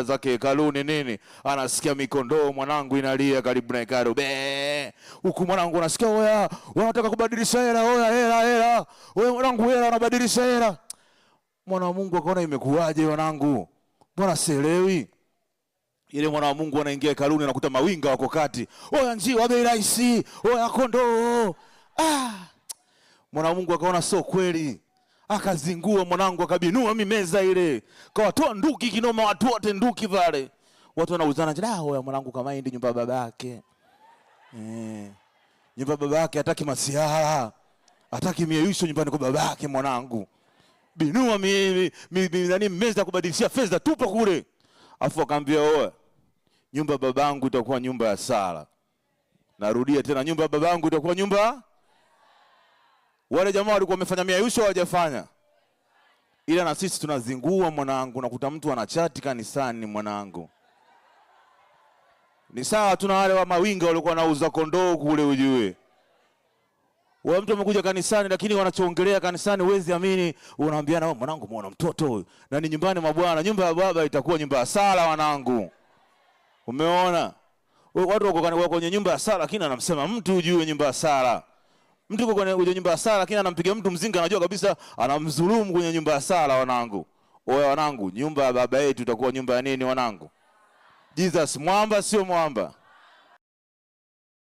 kwenda zake hekaluni nini, anasikia mikondoo, mwanangu inalia karibu na hekalu be, huku mwanangu anasikia oya, wanataka kubadilisha hela, oya hela hela, oya mwanangu hela, wanabadilisha hela. Mwana wa Mungu akaona imekuwaje, wanangu, mbona sielewi? Ile mwana wa Mungu anaingia hekaluni, anakuta mawinga wako kati, oya njiwa bei rahisi, oya kondoo. Ah, mwana wa Mungu akaona sio kweli akazingua mwanangu, akabinua mi meza ile, kawatoa nduki kinoma, watu wote nduki pale, watu wanauzana jana, ya mwanangu kama hii nyumba baba yake eh, nyumba baba yake hataki masiara, hataki mieyusho nyumbani kwa baba yake Mwanangu binua mi, mi, mi, nani meza kubadilishia fedha, tupa kule. Afu akaambia oe, nyumba babangu itakuwa nyumba ya sala. Narudia tena, nyumba babangu itakuwa nyumba wale jamaa walikuwa wamefanya miayusho hawajafanya, ila na sisi tunazingua mwanangu. Nakuta mtu anachati kanisani mwanangu, ni sawa. Tuna wale wa mawinga walikuwa wanauza kondoo kule, ujue wa mtu amekuja kanisani, lakini wanachoongelea kanisani huwezi amini. unaambia na mwanangu, muona mtoto na ni nyumbani mwa Bwana, nyumba ya baba itakuwa nyumba ya sala. Wanangu, umeona watu wako kwenye nyumba ya sala, lakini anamsema mtu ujue nyumba ya sala Mtu yuko kwenye nyumba ya sala, lakini anampiga mtu mzinga, anajua kabisa anamdhulumu kwenye nyumba ya sala. Wanangu, oya wanangu, nyumba ya baba yetu itakuwa nyumba ya nini? Wanangu, Jesus mwamba sio mwamba.